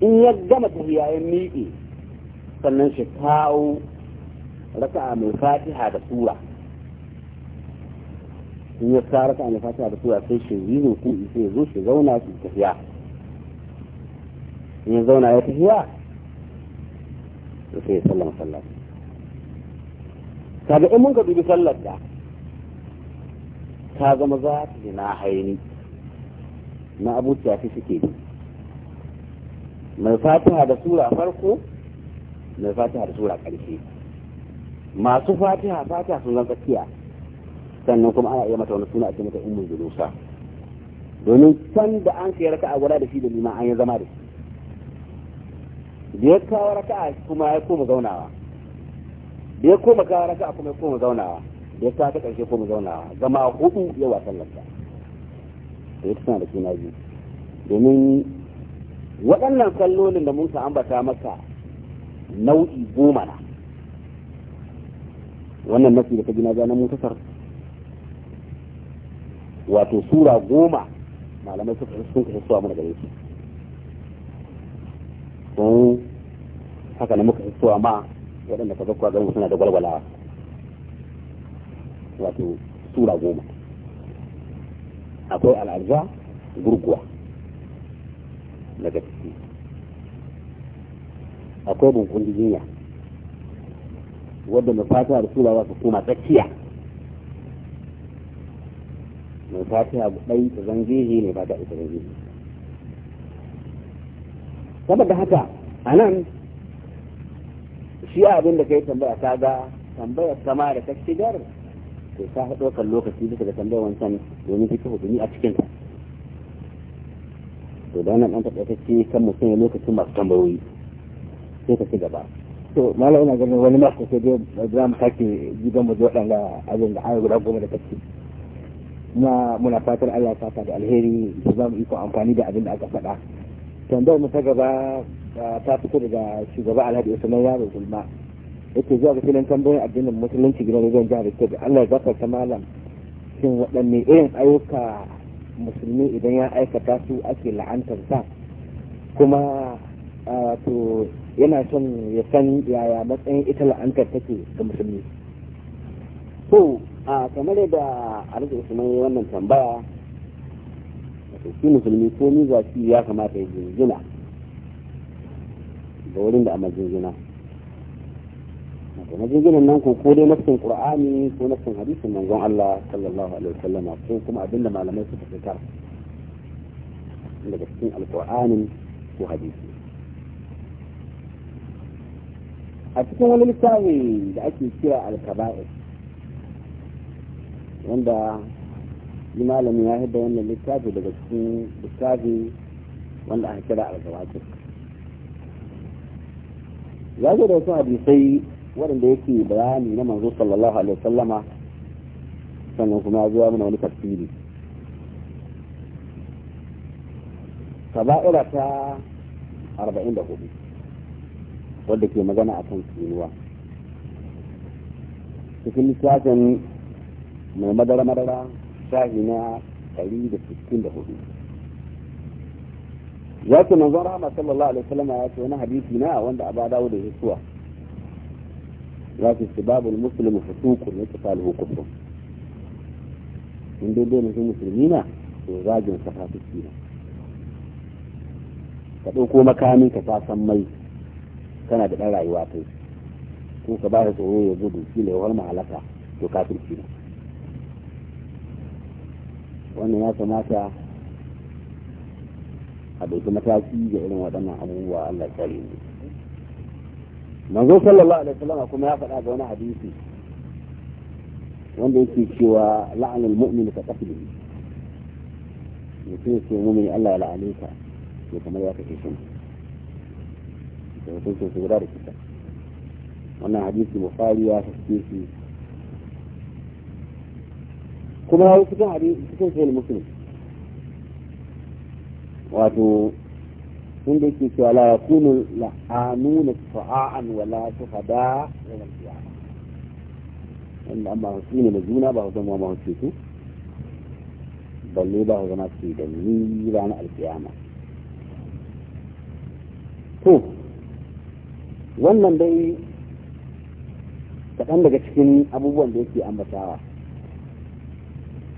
in ya gama tafiya ya miƙe sannan shi kawo raka'a mai fatiha da sura in ya kawo raka'a mai fatiha da sura sai shi yi ruku sai zo shi zauna shi tafiya in ya zauna ya tafiya sai ya sallama sallah kaga in mun ka dubi sallar da ta zama za ta ji na haini na abubuwa fi suke ne mai fatiha da sura farko mai fatiha da sura ƙarshe masu fatiha fatiha sun zan tsakiya sannan kuma ana iya mata wani suna ake mata umar julusa domin can da an kai raka'a guda da shi da liman an yi zama da shi da ya kawo raka'a kuma ya koma zaunawa da ya koma kawo raka'a kuma ya koma zaunawa ya sa ta ƙarshe ko mu zauna zama hudu ya wasan lanta da ya tana da suna biyu domin waɗannan kallolin da mun ka ambata maka nau'i goma na wannan nasi da ta na ga na mutasar wato sura goma malamai suka sun kashe suwa mana gare su don haka na muka suwa ma waɗanda ka zakwa zan suna da gwalgwalawa wato tura goma akwai al'arza gurguwa daga ciki akwai bunkun jinya wadda mai fata da tura za su koma tsakiya mai fata abu ɗai ta zangehe ne ba ta ita zangehe saboda haka a nan shi abin da ka yi tambaya ta ga tambayar kama da ta shigar to ta fi ɗaukar lokaci bisa da tambayar wancan domin fi kafa a cikin ta to da wannan ɗan ce kan mutum ya lokacin masu tambayoyi sai ka ci gaba to mala ina ganin wani masu sai dai za mu sake gidan mu waɗanda abin da an guda goma da tafi kuma muna fatan Allah ya da alheri da za mu iko amfani da abin da aka faɗa tambayar mu ta gaba ta fito daga shugaba Alhaji Usman Yaro Gulma yake zuwa ga filin tambayoyin addinin musulunci gidan rigon jihar kebbi allah ya ta malam shin waɗanne irin ayyuka musulmi idan ya aikata su ake la'antar sa kuma to yana son ya san yaya matsayin ita la'antar take ga musulmi to a kamar da alhaji usman wannan tambaya shi musulmi ko ni ya kamata ya jinjina da wurin da a majinjina kuma magungunan nan ko ko dai nafsin qur'ani ko nafsin hadisin manzon Allah sallallahu alaihi wasallam ko kuma abinda malamai suka fitar daga cikin alqur'ani ko hadisi a cikin wani littafi da ake kira alkaba'ir wanda yi malamin ya hidda wannan littafi daga cikin littafi wanda aka kira alkaba'ir ya zo da wasu hadisai waɗanda yake bayani na manzo sallallahu alaihi wasallama sannan kuma zuwa mana wani tafsiri kaba'ira ta 44 wadda ke magana a kan tsinuwa cikin littafin mai madara-madara shahi na 164 ya ce manzon rahama sallallahu alaihi wasallama ya ce wani hadisi na wanda a ba dawo da ya suwa wato sibabul muslim fusuqun wa qisaluhu kufrun in dai dai mutum musulmi na to zagin sa fasiki ne ka ɗauko makami ka ta san mai kana da ɗan rayuwa kai ko ka ba shi tsoro ya gudu shi ne wani mahalaka to kafirci ne wannan ya kamata a dauki mataki ga irin waɗannan abubuwa Allah ya kare mu manzo sallallahu alaihi wasallam kuma ya faɗa ga wani hadisi wanda yake cewa la'anul mu'min ka qatli yake ce mu'min Allah ya la'ane ka to kamar ya kace shin to sai ce su da kita wannan hadisi bukhari ya fice shi kuma ya cikin hadisi cikin sahih muslim wato inda yake cewa la yakunu anuna sa'an wala suhada wala qiyamah wanda amma su ne da juna ba su zama ma su su balle ba su zama su da ni ranar alkiyama to wannan dai kaɗan daga cikin abubuwan da yake ambatawa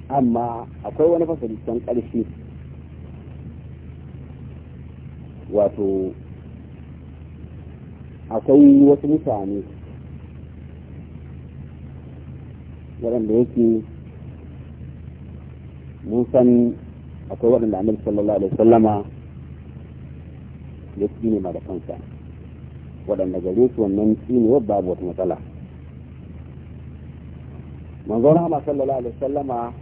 amma akwai wani fasali can ƙarshe wato akwai wasu mutane waɗanda yake mun san akwai waɗanda annabi sallallahu alaihi wasallama ya tsine ma da kansa waɗanda gare su wannan tsine babu wata matsala manzon rahama sallallahu alaihi sallama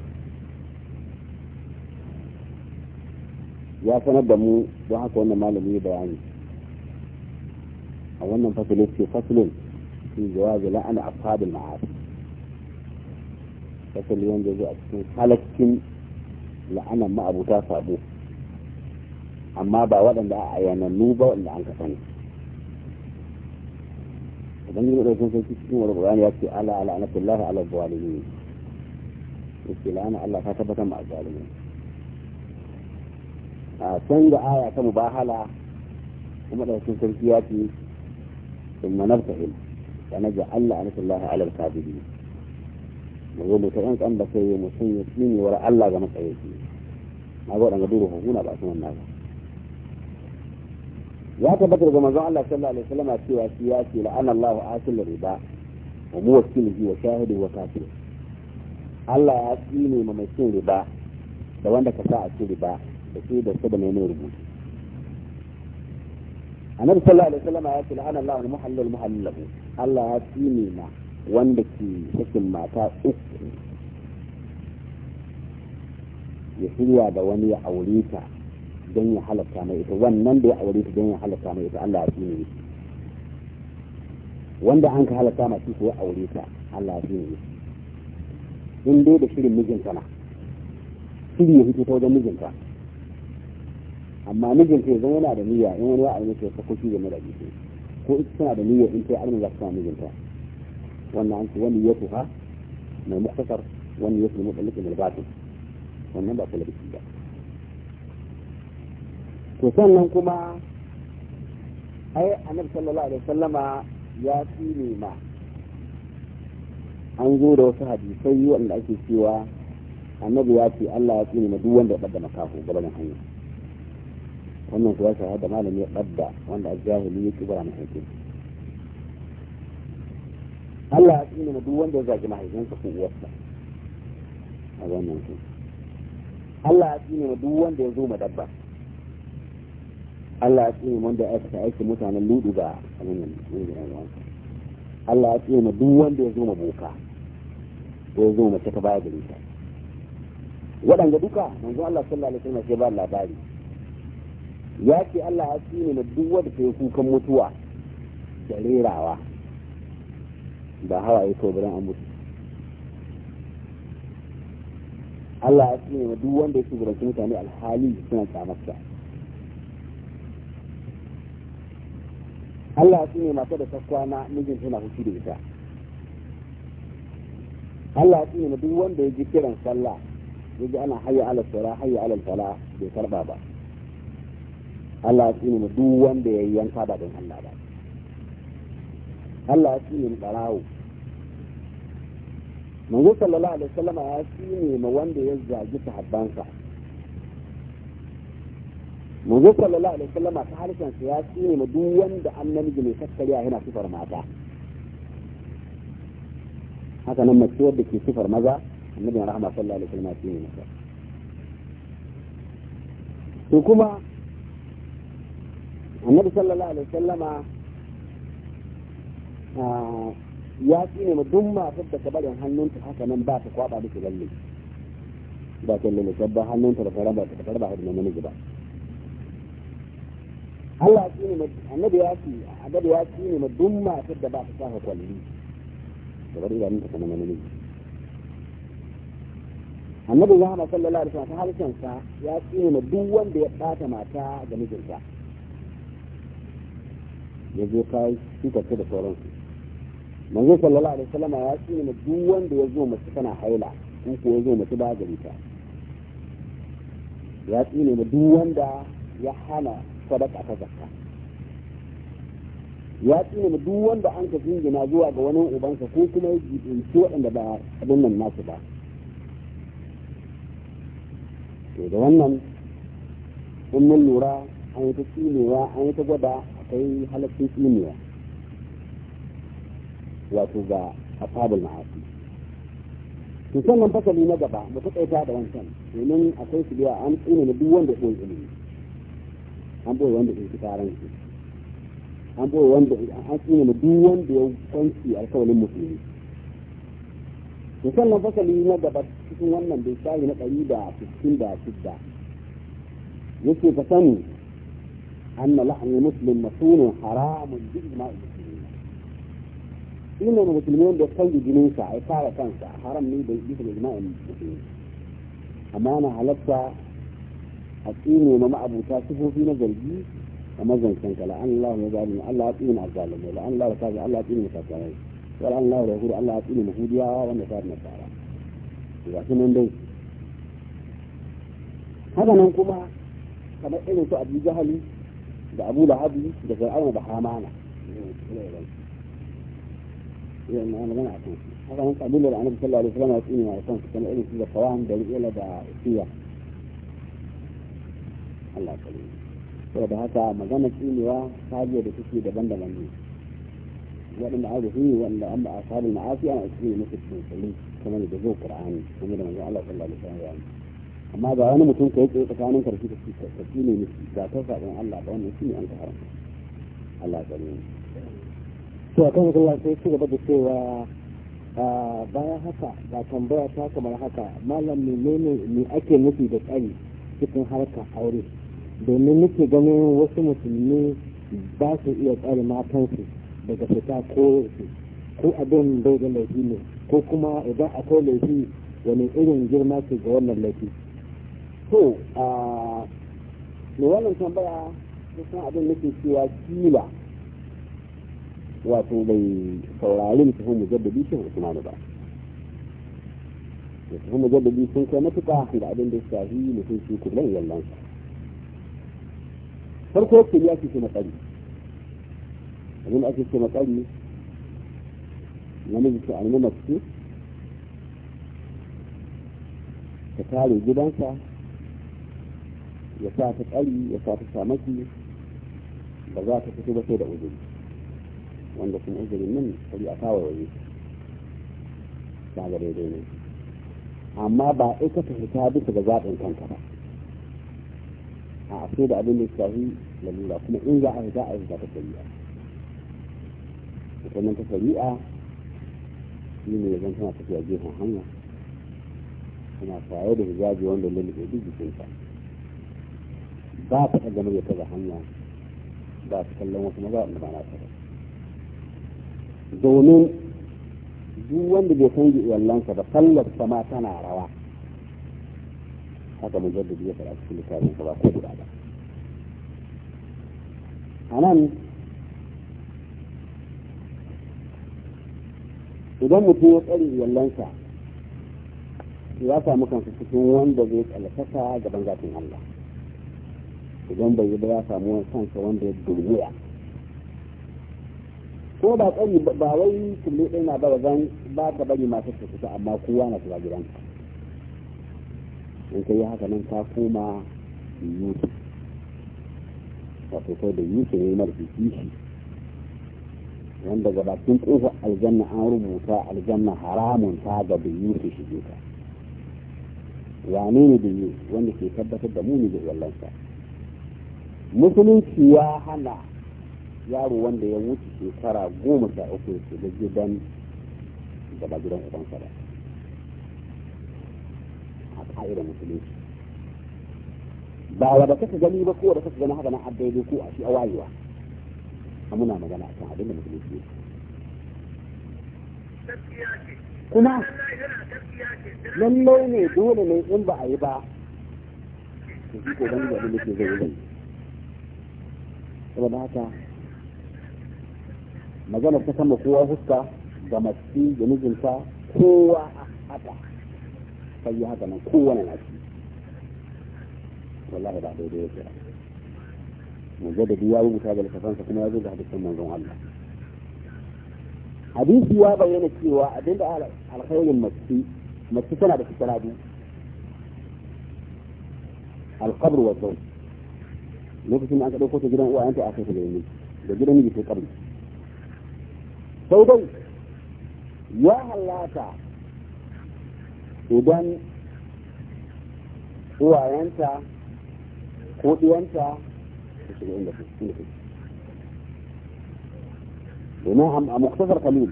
ya sanar da mu don haka wannan malami ya bayani a wannan fasalin ce fasalin fi jawazi la'ana ashabil ma'asi fasali wanda zai a cikin halakkin la'anan ma'abuta sabo amma ba waɗanda a ayyanannu ba waɗanda an ka sani idan yi ɗaukin sarki cikin wani ƙur'ani ya ce ala ala ala anatullahi ala ya ce la'ana Allah ta tabbatar ma zalimin a canza aya ta mubahala kuma da cikin sarki ya ce in manarta hil da na ga Allah a nufin Allah alal kabiri mu zo mutu yan kan da kai yi mutum ya tsinewar Allah ga matsayi shi na ga waɗanda duru hukuna ba su nan ba ya tabbatar ga manzon Allah sallallahu alaihi wasallam cewa shi ya ce la'ana Allah akil riba wa muwakkilihi wa shahidi wa kafir Allah ya tsine ma mai cin riba da wanda ka sa a cin riba da shi da su da mai rubutu annabi sallallahu da wasallam ya ce la'ana Allahu muhallal muhallalahu Allah ya tsine na wanda ke sakin mata uku ya shirya da wani ya aure ta don ya halatta mai ita wannan da ya aure ta don ya halatta mai ita Allah ya tsine shi wanda an ka halatta masu su ya aure ta Allah ya tsine shi in dai da shirin mijinta na shirin ya fito ta wajen mijinta amma mijin ta zan yana da niyya in wani wa'azi ne ke sakoki game da jiki ko ita tana da niyya in ta yi arna za ta mijinta wannan an ce wani ya tuha mai muktasar wani ya tuha mutsalikin albatin wannan ba kula da shi ba to sannan kuma ai annabi sallallahu alaihi wasallama ya tsine ma an zo da wasu hadisai wanda ake cewa annabi ya ce Allah ya tsine ma duk wanda ya bada makaho gaban hanya wannan kuwa shahada malam ya ɓadda wanda a jahili ya kibara mahaifin Allah ya tsina duk wanda ya zagi sa ko uwarsa a wannan su Allah ya tsina duk wanda ya zo ma dabba Allah ya tsina wanda ya aikata aikin mutanen ludu ga wannan Allah ya tsina duk wanda ya zo ma boka ko ya zo ma ta baya da ta waɗanda duka manzo Allah sallallahu alaihi wasallam ya ba labari ya ce Allah ya fi ne duk wanda ta yi kukan mutuwa da rerawa ba hawa ya tobe an mutu Allah ya fi ne duk wanda ya shugabanci mutane alhali suna tsamarsa Allah ya ne mata da ta kwana mijin tana hutu da ita Allah ya ne duk wanda ya ji kiran sallah ya ji ana hayya ala sura hayya ala fala bai karba ba Allah ya tsine duk wanda ya yi yanka ba don Allah ba Allah ya tsine barawo manzo sallallahu alaihi wasallam ya tsine ma wanda ya zagi sahabbansa manzo sallallahu alaihi wasallam ta halittar ya tsine ma duk wanda an namiji mai a yana sifar mata haka nan mace wadda ke sifar maza annabi rahama sallallahu alaihi wasallam ya tsine mata to kuma annabi sallallahu alaihi wasallama ah, ya tsine ma duk matar da ka barin hannunta haka nan ba ta kwaba miki lalle ba ta lalle ba hannunta da karaba ta karaba da namiji ba Allah ya tsine ma annabi ya ce annabi ya tsine ma duk matar da ba ta saka kwalli da bari idanunta kana namiji annabi Muhammad sallallahu alaihi wasallam ta harshen sa ya tsine ma duk wanda ya bata mata ga mijinta ya zo kayan shukarta da sauransu manzo sallallahu alaihi wasallama ya ce ne duk wanda ya zo mace tana haila in ko ya zo mace ba gari ta ya ce ma duk wanda ya hana sadaka ta zakka ya ce ma duk wanda an ka jingina zuwa ga wani ubansa ko kuma ya ce waɗanda ba abin nan nasu ba to da wannan in mun lura an yi ta cinewa an yi ta gwada akwai halittun tsiniya wato ga asabul ma'asi to sannan fasali na gaba ba ta kaita da wancan domin akwai su biya an tsine na duk wanda koyi ilimi an boye wanda ke kitaran shi an boye wanda an tsine na duk wanda ya kwanci alkawalin musulmi to sannan fasali na gaba cikin wannan bai shayi na ɗari da sittin da shidda yake fasani sani أن لحم مسلم مسون حرام بإجماع المسلمين إن المسلمين بيقتلوا جنينسا عقارة كانسا حرام من بيجيك الإجماع المسلمين أما أنا حلقت أتين وما أبو تاسفه في نزل نزلي أما زن كانك لأن الله يزعل الله أتين الظالم لأن الله يتابع الله أتين مساكين ولأن الله يقول الله أتين مهوديا والنصارى نصارى إذا كنا ندي هذا من kamar كما su سؤال جهلي da abu da habi da fir'auna da hamana yana magana a kan su haka nan kabilar annabi sallallahu alaihi wasallam ya tsini ma kan su kan irin su da kawan da ri'ila da siya Allah kalli saboda haka magana tsinewa kariya da suke daban-daban ne waɗanda an rufi waɗanda an ba a sabon ma'afi ana tsini musu tsini kamar da zo Qur'ani kamar da manzon Allah sallallahu alaihi wasallam ya yi amma ba wani mutum ka yake tsakanin karfi da shi karfi ne miki ga ta sabon Allah ba wannan shine an ka haram Allah ya a to akan Allah sai ci gaba da cewa bayan haka ga tambaya ta kamar haka malam menene ne ake nufi da tsari cikin harkar aure domin nake ganin wasu musulmi ba su iya tsare matansu daga fita ko ko abin bai da laifi ne ko kuma idan akwai laifi wani irin girma ke ga wannan laifi to a mai wannan tambaya kusan abin da ke cewa kila wato bai saurari da tafi mujaddadi shi Usman ba da tafi mujaddadi sun kai matuka da abin da ya shafi mutum shi kullum yallan sa farko yake ya ce matsari abin da ake ce matsari namiji ta almama ce ta tare gidansa يسافر أي يسافر سامجي بذات كتب سيد أوزن وأن لكم أجل من قلي أتاوى وزيك سعجر يدين أما بائكة حسابي فبذات إن كان كبا أعصيد أبن الإسلاحي لأنه لا أكون إن جاء هزاء هزاء السيئة وكما أنت سيئة إن يجب أن تكون في أجيبها حنة أنا فعيد هزاء جوان للمجدد في الإسلاحي ba ta ɗaga mai ta ga hanya ba su kallon wasu maza wanda ba na ta domin duk wanda bai san ji wallansa ba sallar ma tana rawa haka mujaddadi ya faɗa cikin littafin ba ko guda ba a nan idan mutum ya tsari iyalansa ya samu kansa cikin wanda zai tsallakaka gaban zafin Allah idan bai yi ba ya samu wani kansa wanda ya durguya ko ba tsari ba wai kulle ɗaya na ba zan ba ka bari masu su kusa amma kowa na shiga gidanka in ka yi haka nan ka koma yusu wato kai da yusu ne marfi kishi wanda ga bakin ƙofar aljanna an rubuta aljanna haramun ta ga da yusu shige ta wane ne da yusu wanda ke tabbatar da muni da wallansa musulunci ya hana yaro wanda ya wuce shekara goma sha uku ya shiga gidan da ba gidan ubansa ba a ƙa'idar musulunci ba wa da kasa gani ba ko da kasa gani haka na a ko a shi a wayewa a muna magana a kan abin da musulunci ya kuma lallai ne dole ne in ba a yi ba ko shi ko gani da abin da ke zai yi saboda haka magana ta kama kowa huska ga matsi da mijinta kowa a haɗa, sai yi haka nan kowane na shi wallahi ba daidai yake ba zai da ya rubuta da littafansa kuma ya zo ga hadisin manzon Allah hadisi ya bayyana cewa abinda alkhairin matsi matsi tana da fitara biyu القبر والزوج lokacin da aka ɗauko ta gidan uwa aka ta gani da gidan yi ta ƙarni sau dai ya halata idan uwayenta ko ɗiyanta ta shiga inda su domin a muktasar kalil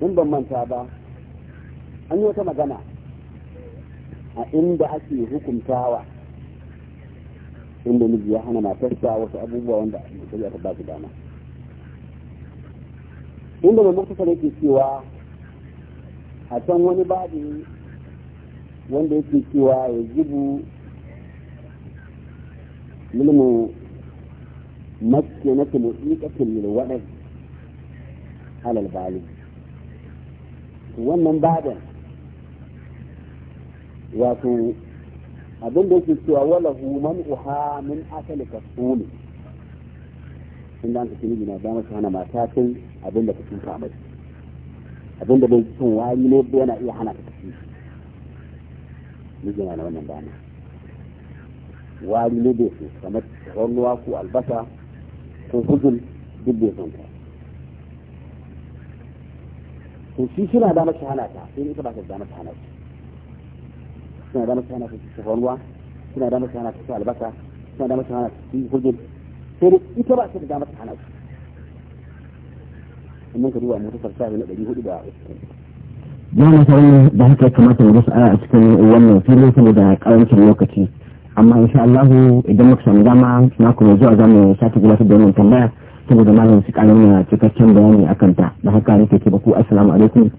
in ban manta ba an yi wata magana a inda ake hukuntawa inda miji ya hana matarsa wasu abubuwa wanda shari'a ta ba su dama inda mai sarai ke cewa a can wani babu wanda yake cewa ya jibu ilmu mace na kuma ikatin lilwaɗar halal bali wannan babin wato abin da yake cewa wala hu man uha min asali kasuli in da kake kace miji na da masa hana mata tun abin da kake ka mai abin da bai cin wani ne ba yana iya hana ka shi miji na da wannan bana wani ne bai so kamar ruwa ko albasa ko hujul duk bai son ka to shi na da masa hana ta sai ita ba ka da masa hana ta suna da masu hana su shafa ruwa suna da masu hana su albasa suna da masu hana su yi sai dai ita ba su da damar hana su sannan ka duba mutu farsa na ɗari hudu da ta wani da haka kamata mu rasa a cikin wannan filin kuma da ƙarancin lokaci amma insha Allah idan muka samu dama na kuma zuwa za mu sake gudanar da wannan tambaya saboda malamin su ƙarar cikakken bayani akan ta da haka nake ke ba ku assalamu alaikum